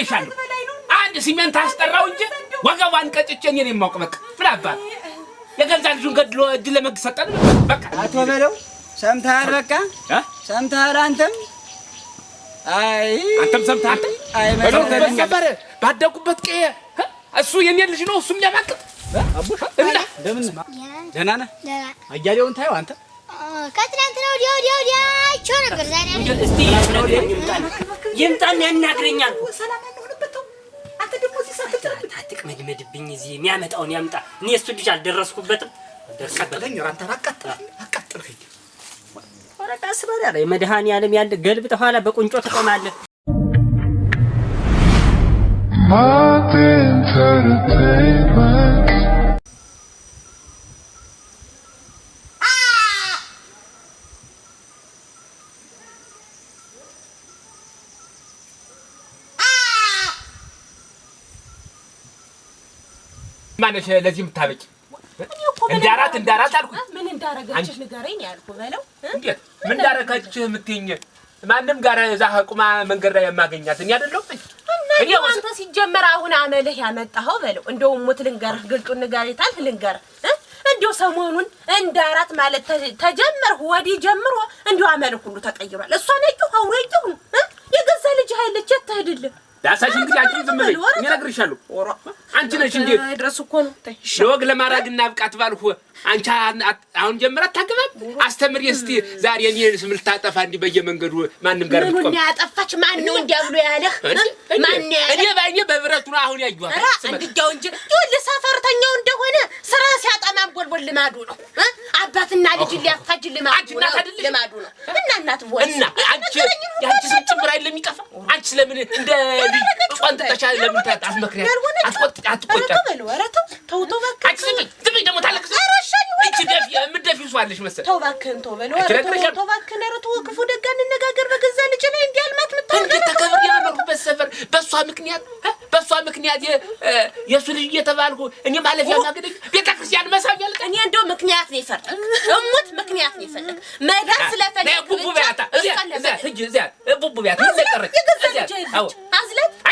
ነግሬሻለሁ። አንድ ሲሜንት አስጠራው እንጂ ወገቧን ቀጭቼ እኔ ነው የማውቅ። በቃ ምን አባት የገዛ ልጁን ገድሎ እድል ለመንግስት ሰጠን። በቃ አቶ በለው ሰምተሃል? በቃ ሰምተሃል? አንተም አይ አንተም ሰምተሃል? አይ በለው ተሰበረ ባደጉበት ቀየ እሱ የኔ ልጅ ነው እሱም ያማቅጥ አቡሽ እና ደምን ደህና ነህ? አያሌውን ታየው አንተ ከትናንትና ወዲያ ወዲያ ወዲያ አይቼው ነበር። ዛሬ እስቲ ያናግረኛል። አትቅመድመድብኝ። እዚህ የሚያመጣውን ያምጣ። እኔ እሱ ልጅ አልደረስኩበትም። ቀጥለኝ ራንተ መድኃኒዓለም ያለ ገልብጠ ኋላ በቁንጮ ትቆማለህ። ማቲን ተርቴመንት ማነሽ ለዚህ የምታበቂ እንደ አራት እንደ ምን እንዳረገችሽ ንገረኝ ያልኩህ በለው። እንዴት ምን እንዳረገችህ የምትይኝ? ማንም ጋር እዛ ቁማ መንገድ ላይ የማገኛት እኔ አይደለሁም። እኔ አንተ ሲጀመር አሁን አመልህ ያመጣኸው በለው። እንደው ሙት ልንገርህ፣ ግልጡን ንገረኝ ታልህ ልንገርህ። እንዲሁ ሰሞኑን እንደ ማለት ተጀመርህ ወዲህ ጀምሮ እንዲሁ አመልህ ሁሉ ተቀይሯል። እሷ ነጭ አውሬው የገዛ ልጅ ኃይለች ተህድልህ ዳሳሽ እንግዲህ አንቺ ዝም ብለሽ እኔ እነግርሻለሁ አንቺ ነሽ እንጂ ድረስ እኮ ነው ለወግ ለማድረግ እና ብቃት ባልሁ አንቺ አሁን ጀምር አታገባም። አስተምር እስቲ ዛሬ እኔ ስም ልታጠፋ እንዲህ በየመንገዱ ማንም ጋር ብትቆም ያጠፋች ማን ነው እንዲያብሎ ያለህ ማን ያለህ? እኔ ባይኔ በብረቱ ነው አሁን ያዩዋል። እንድያው እንጂ ይኸውልህ ሰፈርተኛው እንደሆነ ስራ ሲያጣማ ቦልቦል ልማዱ ነው። አባትና ልጅ ሊያፋጅ ልማዱ ነው። ልማዱ ነው እና እናት ቦል እና አንቺ ያንቺ ስም ለሚጠፋ አንቺ ለምን እንደ ልጅ ቆንጥጠሻ ለምን አትመክሪያት? አትቆጫት? ተው ተው እባክህ። ዝም በይ ደግሞ ታለቅስ። የምትደፊው ሰው አለሽ መሰለኝ። ተው እባክህን፣ ተው በለው። ተው እባክህን፣ ኧረ ተው። ክፉ ደግ አንነጋገር። በገዛ ልጅ ላይ እንዲህ አልማት የምታወራው ተከብሬ በመጡበት ሰፈር በእሷ ምክንያት በእሷ ምክንያት የእሱ ልጅ እየተባልኩ እኔ ማለፊያ ማገደኝ ቤተክርስቲያን መሳብ ያለ እኔ እንደው ምክንያት ነው የፈለግ እሙት ምክንያት ነው የፈለግ መዳን ስለፈለግ ቡቡ ቢያታ እዚያ እዚያ እዚያ ቡቡ ቢያታ እዚያ ቀረች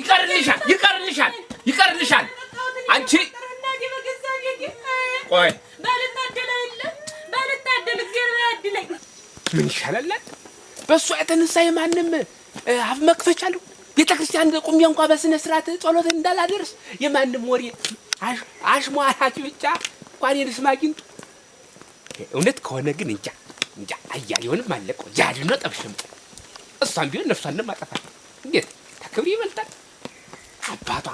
ይቀርልሻል፣ ይቀርልሻል፣ ይቀርልሻል። አንቺ ቆይ ምን ይሻላል? በእሷ የተነሳ የማንም አፍ መክፈቻ አለው። ቤተ ክርስቲያን ቁሜ እንኳ በስነ ስርዓት ጸሎት እንዳላደርስ የማንም ወሬ አሽሟላች ብቻ እንኳን የልስማ አግኝቱ። እውነት ከሆነ ግን እንጃ እንጃ አያሌውንም አለቀው ጃድነ ጠብሽም እሷም ቢሆን ነፍሷንም እንዴት ይበልጣል። አባቷ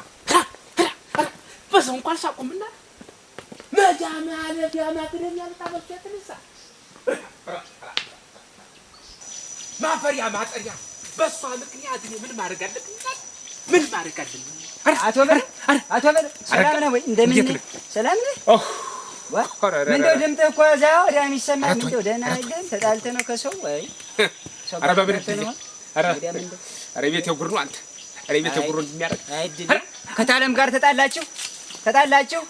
በሰው እንኳን ሳቁምና መዳ ማለፊያ ማግደም ያልጣበሱ ያትነሳ ማፈሪያ ማጠሪያ በእሷ ምክንያት እኔ ምን ማድረግ አለብኝ? ምን ማድረግ አለብኝ? አቶ በለ አቶ በለ ሰላም ነህ ወይ? እንደምን ሰላም ነህ? ምንድነው ድምፅህ እኮ እዛ ወዲያ የሚሰማ ምንድነው? ደህና አይደለም። ተጣልተህ ነው ከሰው ወይ? ኧረ በምን ኧረ ቤት የጉድ ነው አንተ ከታለም ጋር ተጣላችሁ ተጣላችሁ።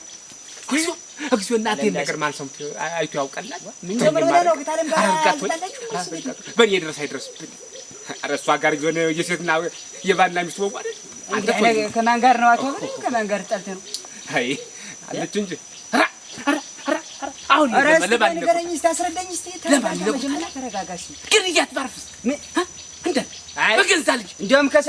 እግዚኦ እናቴ ነገር ማን ሰምቶ አይቶ ያውቃላል? በእኔ ድረስ አይደርስብኝ። ኧረ እሷ ጋር ቢሆን የሴትና የባልና ሚስት ወጉ አይደል? ከማን ጋር ነው አቶ? ከማን ጋር ተጣልተህ ነው? አይ አለች እንጂ አሁን ንገረኝ እስኪ አስረዳኝ እስኪ ተረጋጋ። ግን እያትባርፍስ እንደ በገዛ ልጅ እንዲያውም ከሰ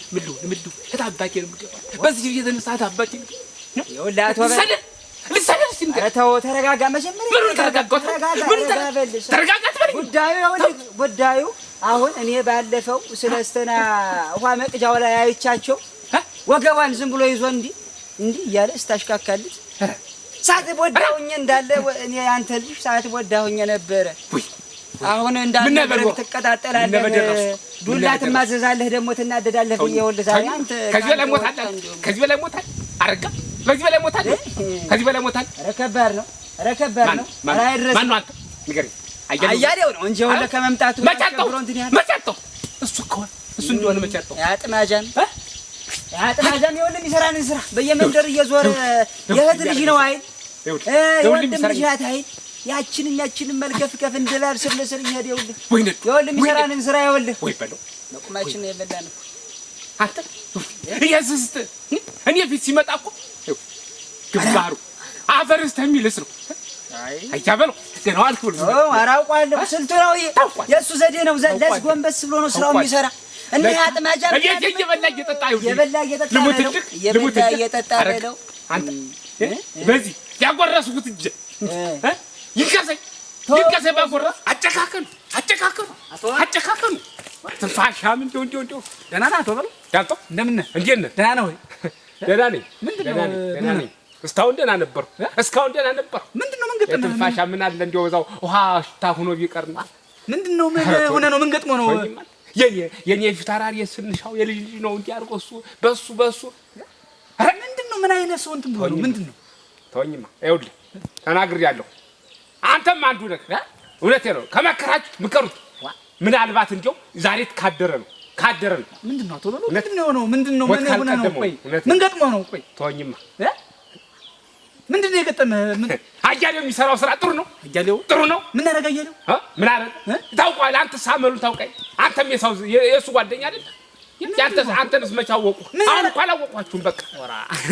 ምን ልሁን? ምን ልሁን? የት አባቴ ነው የምገባው? በዚህ የተነሳ የት አባቴ ነው ተው ተረጋጋ። መጀመሪያ ጉዳዩ ጉዳዩ አሁን እኔ ባለፈው ስለስተና ውሃ መቅጃው ላይ አይቻቸው ወገቧን ዝም ብሎ ይዞ እንዲህ እንዲህ እያለ ስታሽካካልት ሰዓት ቦዳሁኝ እንዳለ እኔ አንተ ልጅ ሰዓት ቦዳሁኝ ነበረ። አሁን እንዳለ ትቀጣጠላለህ ዱላ ትማዘዛለህ፣ ደግሞ ትናደዳለህ ብዬ ይኸውልህ ዛሬ አንተ ከዚህ በላይ ሞታል፣ ከዚህ በላይ ሞታል፣ አረጋ ከዚህ በላይ ሞታል፣ ከዚህ በላይ ሞታል። ኧረ ከባድ ነው፣ ኧረ ከባድ ነው። ኧረ አይደረስም። ማነው አንተ ንገረኝ። አያሌው ነው እንጂ ይኸውልህ ከመምጣቱ መቻጣው መቻጣው እሱ ከሆነ እሱ እንደሆነ መቻጣው ያጥማጃን ያጥማጃን ይኸውልህ የሚሰራንን ስራ በየመንደር እየዞረ የእህት ልጅ ነው አይደል? የወንድም ልጅ ናት አይደል? ያችንም ያችንም መልከፍከፍ እንደባል ስር ለስር እየሄደ ይኸውልህ፣ ይኸውልህ የሚሰራንን ስራ ይኸውልህ፣ ወይ በለው መቁማችን ነው የበላን አንተ እያስስት እኔ ፊት ሲመጣ እኮ ግንባሩ አፈር እስተ የሚልስ ነው። አያበለው ገና አልኩ ብሎ አራውቋለሁ። ስልቱ ነው የእሱ ዘዴ ነው። ዘለስ ጎንበስ ብሎ ነው ስራው የሚሰራ እና አጥማጃ እየበላ እየጠጣ የበላ እየጠጣ ልሙት እየጠጣ በለው አንተ በዚህ ያጎረስኩት እጄ ይቀሰኝ ይቀሰኝ እንደው እንደው እንደው ደህና ነህ አቶ እንደምን እንዴት ነህ ደህና ነህ ወይ ደህና ነኝ ምንድን ነው ደህና ነኝ እስካሁን ደህና ነበርኩ እስካሁን ደህና ነበርኩ ምንድን ነው መንገጥ ነው ትንፋሻ ምን አለ እንደው ውሃ ሽታ ሆኖ ቢቀር ምንድን ነው ምን ሆነ ነው ነው የኔ የኔ የስንሻው የልጅ ልጅ ነው እንዲህ አድርጎ እሱ በሱ በሱ ምንድን ነው ምን አይነት ሰው እንትን ምንድን ነው ተወኝማ ይኸውልህ ተናግሬያለሁ አንተም አንዱ ነህ። እውነቴ ነው። ከመከራችሁ ምከሩት። ምናልባት እንዲያው ዛሬት ካደረ ነው ካደረ ነው ምንድን ነው ቶሎ ነው ምንድን ነው ነው ምንድን ነው ምን ሆነ ነው? ቆይ ምን ገጥሞ ነው? ቆይ ተወኝማ። ምንድን ነው የገጠመህ? ምን አያሌው የሚሰራው ስራ ጥሩ ነው። አያሌው ጥሩ ነው። ምን አደረገ አያሌው? ምን አደረገ? ታውቀዋለህ አንተ ሳመሉ ታውቃለህ። አንተም የሰው የእሱ ጓደኛ አይደል? ያንተስ አንተንስ መቼ አወቁህ? አሁን እኮ አላወቅኋችሁም። በቃ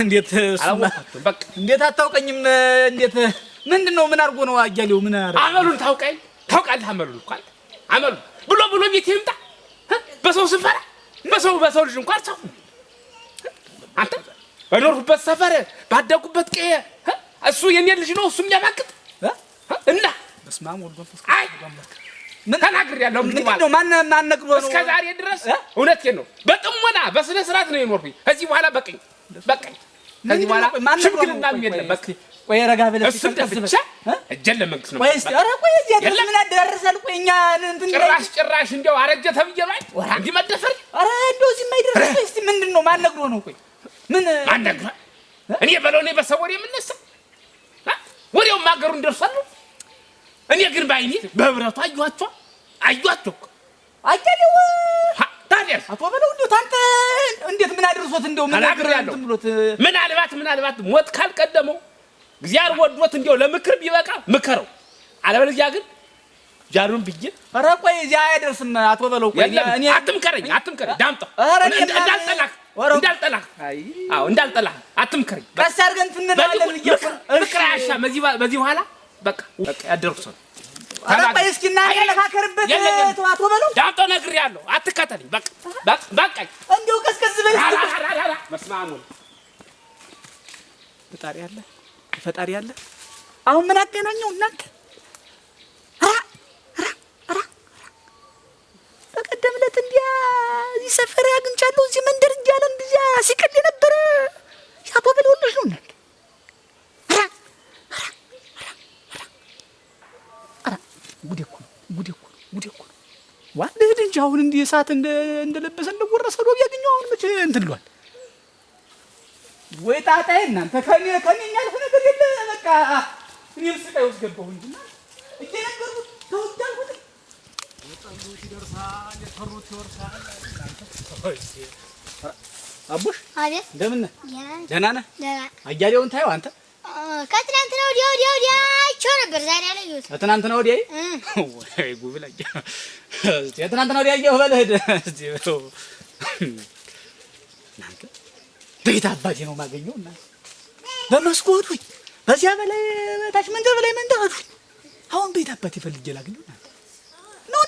እንዴት አላወቅኋችሁም። በቃ እንዴት አታውቀኝም? እንዴት ምንድን ነው? ምን አድርጎ ነው? አያሌው ምን አመሉን ታውቃይ ታውቃለህ? አመሉን እኮ አንተ አመሉን ብሎ ብሎ ቤት ይምጣ በሰው ስፈራ በሰው በሰው ልጅ እንኳን ሰው አንተ በኖርኩበት ሰፈር ባደጉበት ቀየ እሱ የኔ ልጅ ነው። እሱ የሚያባክት እና በስማም ወልዶ አይ ምን ተናግር ያለው ምን ማለት ነው? ማን ማን ነግሮ ነው? እስከ ዛሬ ድረስ እውነቴን ነው። በጥሞና በስነ ስርዓት ነው የኖርኩኝ። ከዚህ በኋላ በቀኝ በቀኝ ከዚህ በኋላ ሽምግልና የለም በቃ ቆይ ረጋ ብለህ ብቻ እጄን ለመንግስት ነው። እዚህ አይደለም። ምን አደራረሳል? ጭራሽ እንደው አረጀ መደፈር እንደው እስቲ ነው ነው? ቆይ ምን ማነግሮ እኔ በለው እኔ በሰው ወሬ የምነሳ ወሬውም ሀገሩን እኔ ግን ባይኔ በብረቱ አየኋቸው አየኋቸው አያሌው አቶ በለው አንተ እንዴት ምን አድርሶት እንደው ምን ያለው ምናልባት ምናልባት ሞት ካልቀደመው እግዚአብሔር ወዶት እንዲያው ለምክር ቢበቃ ምከረው፣ አለበለዚያ ግን ጃሩን ብዬ ኧረ ቆይ እዚያ አይደርስም። አቶ በለው ቆይ እኔ አትምከረኝ፣ አትምከረኝ ዳምጠው እንዳልጠላህ እንዳልጠላህ አዎ እንዳልጠላህ አትምከረኝ። ቀስ አድርገን ትንናለን። ምክር አያሻም። በዚህ በዚህ በኋላ በቃ በቃ ያደርኩት ሰው ኧረ ቆይ እስኪ እና ያለካከርበት አቶ በለው ዳምጠው ነግሬሃለሁ። አትከተለኝ። በቃ በቃ በቃ እንዲያው ቀዝቀዝ በል። መስማሙን ብጣሪ አለ ፈጣሪ አለ። አሁን ምን አገናኘው እናንተ? በቀደም ዕለት እንዲያ እዚህ ሰፈር አግኝቻለሁ እዚህ መንደር እንዲያለ እንዲያ ሲቀል የነበረ ሻቦ በል ወሎሽ ነው እናንተ። ዋን እኮ እንጂ አሁን እንዲህ እሳት እንደለበሰ እንደወረሰ ዶብ ያገኘው አሁን መቼ እንትሏል ወይ ጣጣዬ እናንተ ከኔ ከኔ እኛ እኔም ስቃይ ውስጥ ገባሁ እየነገርኩት የጠሉት ይደርሳል፣ የፈሩት ይወርሳል። አቡሽ እንደምን ነህ? ደህና ነህ? አያሌውን ታየው አንተ? ከትናንትና ወዲያ ወዲያ ነበር። ዛሬ ከትናንትና ወዲያ ወይ ጉብ ላይ ወዲያ አየሁ እናንተ ቤት አባቴ ነው የማገኘው እና በዚያ በላይ ታች መንደር በላይ መንደር አሉ። አሁን ቤት አባት ይፈልግ ላገኘው ነው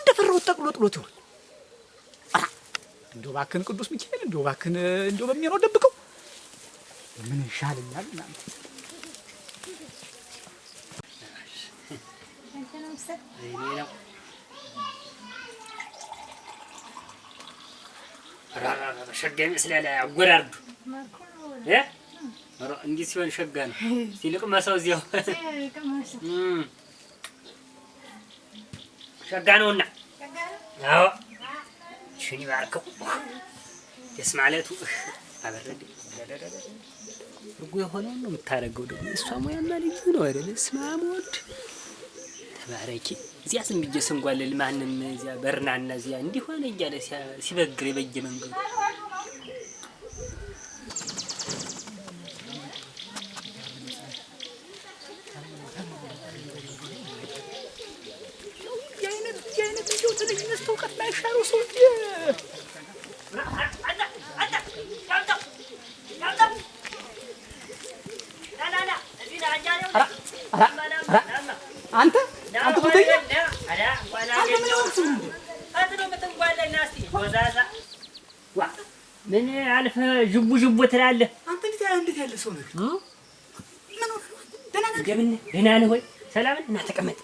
እንደፈራሁት ጠቅሎ ጥሎት ይሆን? እንደው እባክህን ቅዱስ ሚካኤል እንደው እባክህን እንደው በሚሆነው ደብቀው ምን ይሻልኛል ይሻለኛል? ሸጋ ይመስላል አጎራርዱ እንዲህ ሲሆን ሸጋ ነው። ሲልቅመሰው እዚያው ሸጋ ነውና፣ አዎ ሽን ይባርከው ደስ ማለቱ አበረደ። እርጎ የሆነውን ነው የምታደርገው። ደግሞ እሷ ሙያማ ልዩ ነው አይደል? እስማ ሞድ ተባረኪ። እዚያ ዝም ብዬ ማንም እዚያ በርናና እዚያ እንዲሆነ እያለ ሲበግር የበየ መንገዱ አልፈህ ዥቡ ዥቡ ትላለህ። አንተ እንዴት ያለ ሰው ነህ? ደህና ነህ ወይ? ሰላም ነህ? ና ተቀመጥ።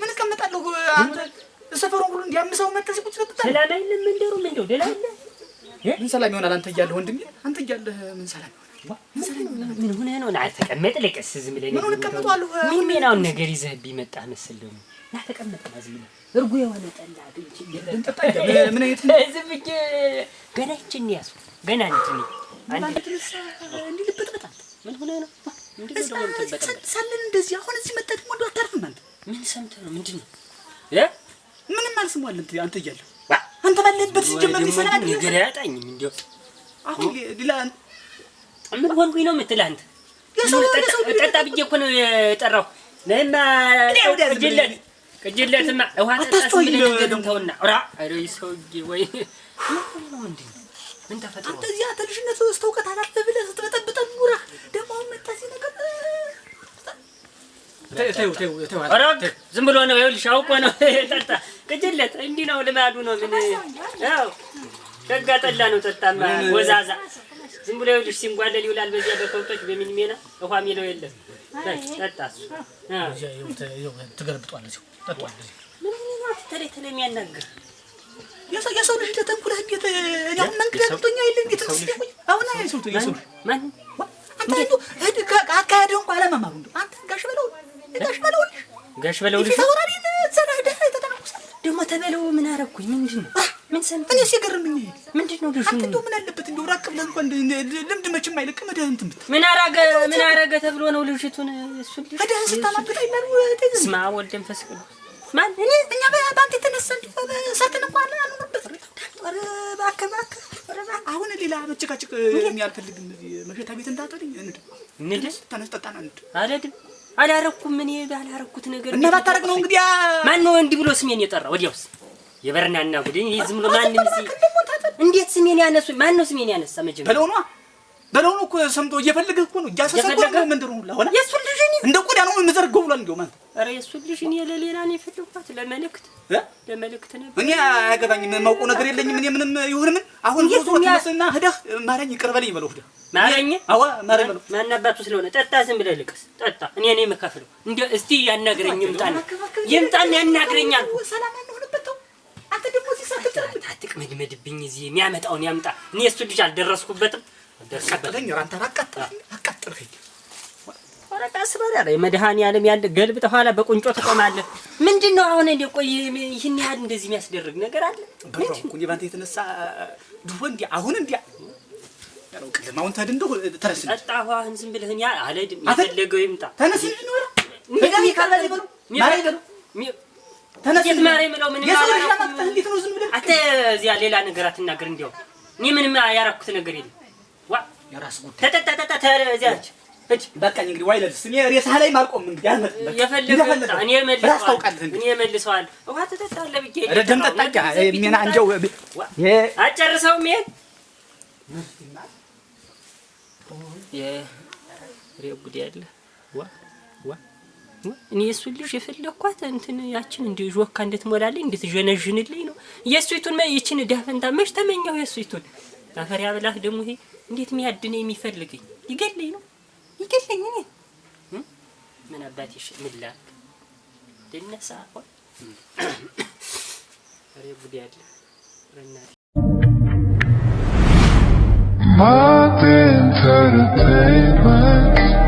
ምን እቀመጣለሁ? አንተ ሰፈሩን ሁሉ እንዲያምሰው መተህ ቁጭ ብትል ሰላም አይልም። መንደሩ ምን እንደው ደህና አለ። ምን ሰላም ይሆናል? አንተ እያለህ ወንድሜ፣ አንተ እያለህ ምን ሰላም ምን ሆነህ ነው? ና ተቀመጥ። ልቀስ ዝም ብለህ ምን እቀመጣለሁ? ምን ሜናውን ነገር ይዘህብኝ መጣህ መሰለህ ነው። ና ተቀመጥ። ዝም ብለህ እርጎ የሆነ ጠላ ብቻ ምን አይነት ዝም ብዬ ገና ይችን ያዝኩት ገና አንድ ነው። ምን ሆነ ነው ሳለን እንደዚህ አሁን እዚህ መጣ ደግሞ እንደው አታርፍም አንተ። ምን ሰምተህ ነው? ምንድን ነው? ምንም አልሰማሁም አንተ እያለሁ አንተ ባለህበት ሲጀመር ይሰላል። ነገር አያጣኝም እንዲያው አሁን ሌላ ምን ሆንኩኝ ነው የምትልህ አንተ? ጠጣ ብዬ እኮ ነው የጠራሁ። ቅጅለት ቅጅለትማ ውሃ ጠጣ ስንል ተውና ራ ሰውዬ ወይ ምንድን ነው ምን ተፈጥሮ አንተ እዚያ ተልጅነት ውስጥ እውቀት አላፈ ብለህ ስትበጠብጠን ኑረህ ደግሞ አሁን መጣ እዚህ ነገር ዝም ብሎ ነው። ይኸውልሽ አውቆ ነው ጠጣ። ቅጅለት እንዲህ ነው፣ ልማዱ ነው። ምን ያው ሸጋ ጠላ ነው። ጠጣማ ወዛዛ ዝም ብሎ ይኸውልሽ ሲንጓለል ይውላል። በዚያ በከብቶች በሚን ሜና ውሃ የሚለው የለም። ጠጣ እሱ ተገለብጧል። ተለይ ተለይ የሚያናግር የሰው ልጅ ለተንኩል እንዴት አሁን መንገድ አቅቶኛ የለ እንዴት አሁን የሰው ልጅ አንተ እንዱ እድካ አካሄደው እንኳን አለመማሩ እንዱ አንተ ጋሽ በለው ጋሽ በለው ጋሽ በለው ልጅ ታወራሪ ዘና ደህ ተተናኩሳል ደግሞ ተበለው ምን አረኩኝ ምንድን ነው ምን ሰምተ እኔ ሲገርምኝ ምንድን ነው ልጅ አንተ ምን አለበት እንደው ራቅ ብለን እንኳን ልምድ መቼም አይለቅ መድህን ትምት ምን አረገ ምን አረገ ተብሎ ነው ልጅቱን እሱ ልጅ መድህን ስታናግጥ አይመሩ ተዝማ ወልደን ፈስቅ ማን እኔ መጨቃጨቅ እኔ አልፈልግም። መሸታ ቤት እንዳትወልኝ እንድ እንድ ተነስ ጠጣና እንድ አልሄድም። አላረኩም እኔ ባላረኩት ነገር እና ባታረቅ ነው እንግዲህ ማን ነው እንዲህ ብሎ ስሜን የጠራ? ወዲያውስ የበርናና ጉዴ ዝም ብሎ ማንም እንዴት ስሜን ያነሱ? ማን ነው ስሜን ያነሳ? መጀመሪያ በለውን እኮ ሰምቶ እየፈለገ እኮ ነው እያሰሰኮ ነው መንደሩ ሁላ ሆነ። የእሱን ልጅ እኔ እንደ ቆዳ ነው የምዘርገው ብሏል። እንደው ማለት ኧረ የእሱን ልጅ እኔ ለሌላ ነው የፈለኳት፣ ለመልእክት ለመልእክት ነበር። እኔ አያገባኝም፣ የማውቀው ነገር የለኝም። እኔ ምንም ይሁን ምን አሁን ዞሮ ትመስና ህደህ ማረኝ ይቅር በለኝ በለው ሂደህ ማረኝ። አዋ ማረኝ በለው ማናባቱ ስለሆነ ጠጣ፣ ዝም ብለህ ልቅስ፣ ጠጣ። እኔ ነኝ የምከፍለው። እንደ እስቲ ያናግረኝ፣ ይምጣና ይምጣና ያናግረኛል። ሰላም አንሆንበት ተው አንተ ደግሞ እዚህ ሳትጨርስ አትቅመድመድብኝ። እዚህ የሚያመጣውን ያምጣ። እኔ እሱ ልጅ አልደረስኩበትም። አቃጥለኝ፣ ራንተን አቃጥለኝ፣ አቃጥለኝ። ያለ ገልብጠ ኋላ በቁንጮ ትቆማለህ። ምንድን ነው አሁን? እንደ ቆይ ይህን ያህል እንደዚህ የሚያስደርግ ነገር አለ? ባንተ የተነሳ አሁን ተድ ተነስ ጠጣ አሁን ዝም ብለህ እኔ አልሄድም። የፈለገው ይምጣ። ተነስ ተነስ። ሌላ ነገር አትናገር። እንዲያው እኔ ምንም ያረኩት ነገር የለም። የራስ ጉዳይ እንግዲህ እኔ ሬሳህ ላይ ማልቆም እንግዲህ እኔ መልሰዋል ልጅ የፈለኳት እንትን ያችን እንደ ዦካ እንድትሞላልኝ እንድትዠነዥንልኝ ነው። የእሱቱን ይችን ዳፈንታ መች ተመኘው የእሱቱን በፈሪያ ብላህ ደግሞ ይሄ እንዴት የሚያድነ የሚፈልገኝ ይገለኝ ነው ይገለኝ። እኔ ምን አባቴሽ ምን ላክ ልነሳ አሁን ሬ ጉድ ያለ ረና ማቴን ተርቴመት